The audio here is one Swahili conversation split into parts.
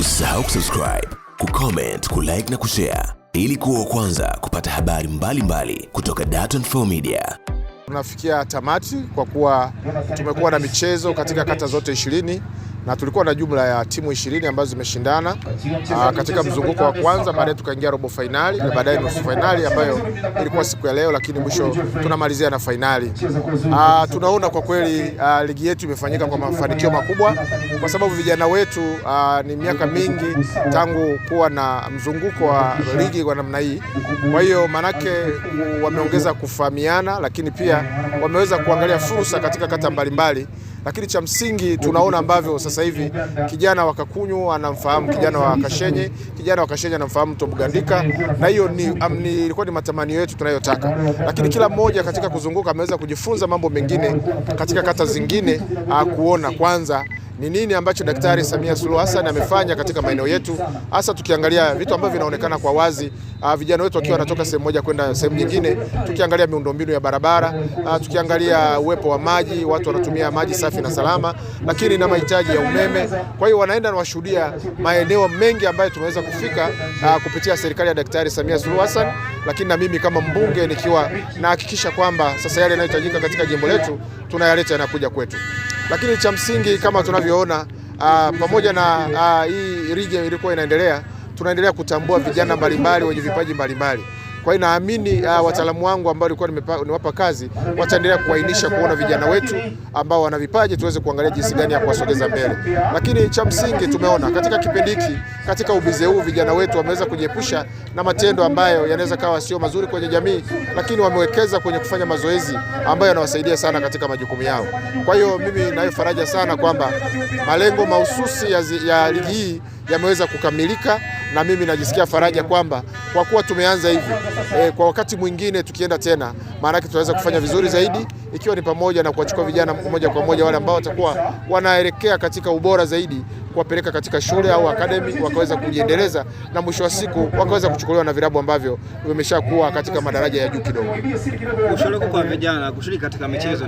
Usisahau kusubscribe, kucomment, kulike na kushare ili kuwa kwanza kupata habari mbalimbali mbali kutoka Dar24 Media. Tunafikia tamati kwa kuwa tumekuwa na michezo katika kata zote ishirini na tulikuwa na jumla ya timu ishirini ambazo zimeshindana ah, katika mzunguko wa kwanza, baadaye tukaingia robo fainali na baadaye nusu fainali ambayo ilikuwa siku ya leo, lakini mwisho tunamalizia na fainali. Ah, tunaona kwa kweli ah, ligi yetu imefanyika kwa mafanikio makubwa, kwa sababu vijana wetu a, ni miaka mingi tangu kuwa na mzunguko wa ligi kwa namna hii. Kwa hiyo manake wameongeza kufahamiana, lakini pia wameweza kuangalia fursa katika kata mbalimbali mbali lakini cha msingi tunaona ambavyo sasa hivi kijana wa Kakunyu anamfahamu kijana wa Kashenye, kijana wa Kashenye anamfahamu Tobugandika, na hiyo ni ilikuwa ni matamanio yetu tunayotaka, lakini kila mmoja katika kuzunguka ameweza kujifunza mambo mengine katika kata zingine, kuona kwanza ni nini ambacho Daktari Samia Suluhu Hassan amefanya katika maeneo yetu, hasa tukiangalia vitu ambavyo vinaonekana kwa wazi, ah, vijana wetu wakiwa wanatoka sehemu moja kwenda sehemu nyingine, tukiangalia miundombinu ya barabara, ah, tukiangalia uwepo wa maji, watu wanatumia maji safi na salama, lakini na mahitaji ya umeme. Kwa hiyo wanaenda na washuhudia maeneo mengi ambayo tumeweza kufika ah, kupitia serikali ya Daktari Samia Suluhu Hassan, lakini na mimi kama mbunge nikiwa nahakikisha kwamba sasa yale yanayohitajika katika jimbo letu tunayaleta yanakuja kwetu lakini cha msingi kama tunavyoona uh, pamoja na uh, hii rigi ilikuwa inaendelea, tunaendelea kutambua vijana mbalimbali wenye vipaji mbalimbali. Kwa hiyo naamini uh, wataalamu wangu ambao nilikuwa nimewapa kazi wataendelea kuainisha kuona vijana wetu ambao wana vipaji tuweze kuangalia jinsi gani ya kuwasogeza mbele, lakini cha msingi tumeona katika kipindi hiki, katika ubize huu vijana wetu wameweza kujiepusha na matendo ambayo yanaweza kawa sio mazuri kwenye jamii, lakini wamewekeza kwenye kufanya mazoezi ambayo yanawasaidia sana katika majukumu yao. Kwa hiyo mimi nayo faraja sana kwamba malengo mahususi ya, ya ligi hii yameweza kukamilika na mimi najisikia faraja kwamba kwa kuwa tumeanza hivi e, kwa wakati mwingine tukienda tena, maanake tunaweza kufanya vizuri zaidi, ikiwa ni pamoja na kuwachukua vijana moja kwa moja wale ambao watakuwa wanaelekea katika ubora zaidi, kuwapeleka katika shule au akademi wakaweza kujiendeleza, na mwisho wa siku wakaweza kuchukuliwa na vilabu ambavyo vimeshakuwa katika madaraja ya juu kidogo. Kushiriki kwa vijana kushiriki katika michezo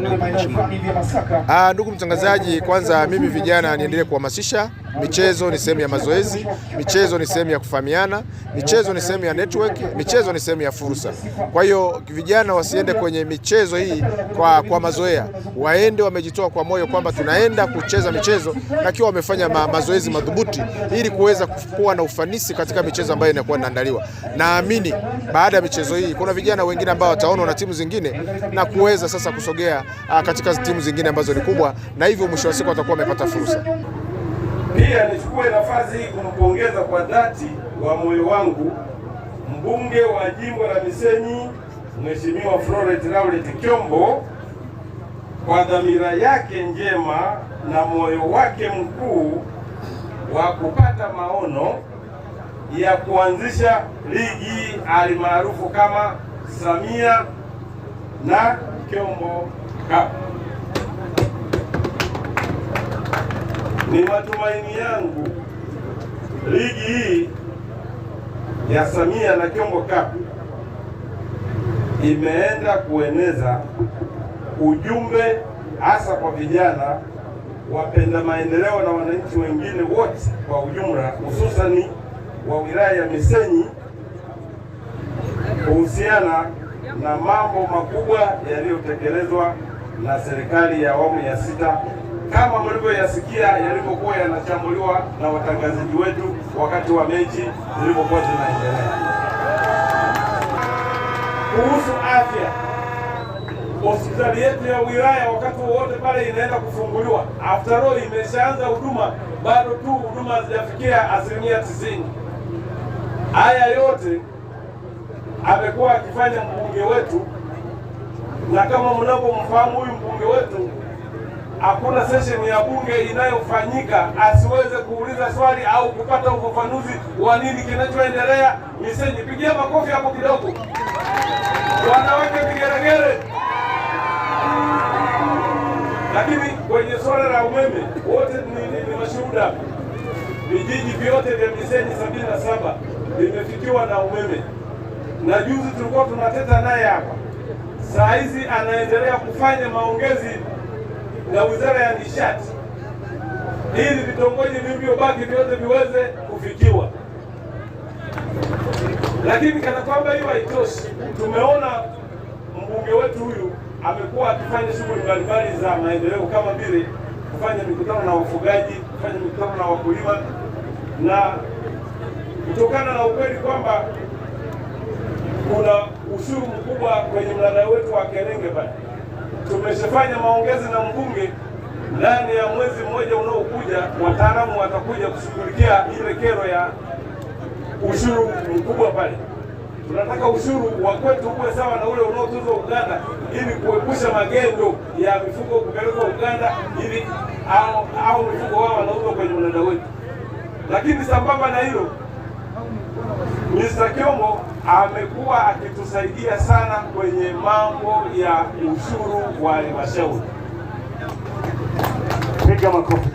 ah, ndugu mtangazaji, kwanza mimi vijana niendelee kuhamasisha Michezo ni sehemu ya mazoezi, michezo ni sehemu ya kufahamiana, michezo ni sehemu ya network, michezo ni sehemu ya fursa. Kwa hiyo vijana wasiende kwenye michezo hii kwa, kwa mazoea, waende wamejitoa kwa moyo kwamba tunaenda kucheza michezo akiwa wamefanya ma, mazoezi madhubuti ili kuweza kuwa na ufanisi katika michezo ambayo inakuwa inaandaliwa. Naamini baada ya michezo hii kuna vijana wengine ambao wataonwa na timu zingine na kuweza sasa kusogea ah, katika timu zingine ambazo ni kubwa, na hivyo mwisho wa siku watakuwa wamepata fursa. Pia nichukue nafasi hii kumpongeza kwa dhati wa moyo wangu mbunge wa jimbo la Misenyi Mheshimiwa Floret Laurent Kyombo kwa dhamira yake njema na moyo wake mkuu wa kupata maono ya kuanzisha ligi alimaarufu kama Samia na Kyombo Cup. Ni matumaini yangu ligi hii ya Samia na Kyombo Cup imeenda kueneza ujumbe hasa kwa vijana wapenda maendeleo na wananchi wengine wote kwa ujumla, hususani wa wilaya ya Misenyi kuhusiana na mambo makubwa yaliyotekelezwa na serikali ya awamu ya sita kama mlivyoyasikia yalivyokuwa yanachambuliwa na watangazaji wetu wakati wa mechi zilivyokuwa zinaendelea. Kuhusu afya, hospitali yetu ya wilaya wakati wowote pale inaenda kufunguliwa. After all imeshaanza huduma, bado tu huduma hazijafikia asilimia tisini. Haya yote amekuwa akifanya mbunge wetu, na kama mnavyomfahamu huyu mbunge wetu hakuna session ya bunge inayofanyika asiweze kuuliza swali au kupata ufafanuzi wa nini kinachoendelea Misenyi. Pigia makofi hapo kidogo, wanawake vigeregere. Lakini kwenye swala la umeme wote ni mashuhuda, vijiji vyote vya Misenyi sabini na saba vimefikiwa na umeme, na juzi tulikuwa tunateta naye hapa, saa hizi anaendelea kufanya maongezi na wizara ya nishati ili vitongoji vilivyobaki vyote viweze kufikiwa. Lakini kana kwamba hiyo haitoshi, tumeona mbunge wetu huyu amekuwa akifanya shughuli mbalimbali za maendeleo kama vile kufanya mikutano na wafugaji, kufanya mikutano na wakulima, na kutokana na ukweli kwamba kuna ushuru mkubwa kwenye mnada wetu wa Kerenge pale tumeshafanya maongezi na mbunge. Ndani ya mwezi mmoja unaokuja, wataalamu watakuja kushughulikia ile kero ya ushuru mkubwa pale. Tunataka ushuru wa kwetu uwe sawa na ule unaotozwa Uganda, ili kuepusha magendo ya mifugo kupelekwa Uganda, ili au, au mifugo wao wanauzwa kwenye mnada wetu. Lakini sambamba na hilo, Mr. Kiongo amekuwa akitusaidia sana kwenye mambo ya ushuru wa halmashauri. Piga makofi.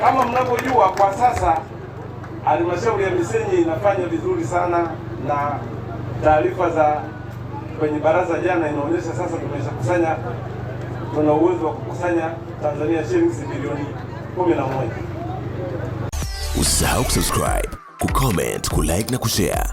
Kama mnavyojua kwa sasa halmashauri ya Misenyi inafanya vizuri sana, na taarifa za kwenye baraza jana inaonyesha sasa tumeshakusanya, tuna uwezo wa kukusanya Tanzania shilingi bilioni 11. Usisahau kusubscribe, kucomment, kulike na kushare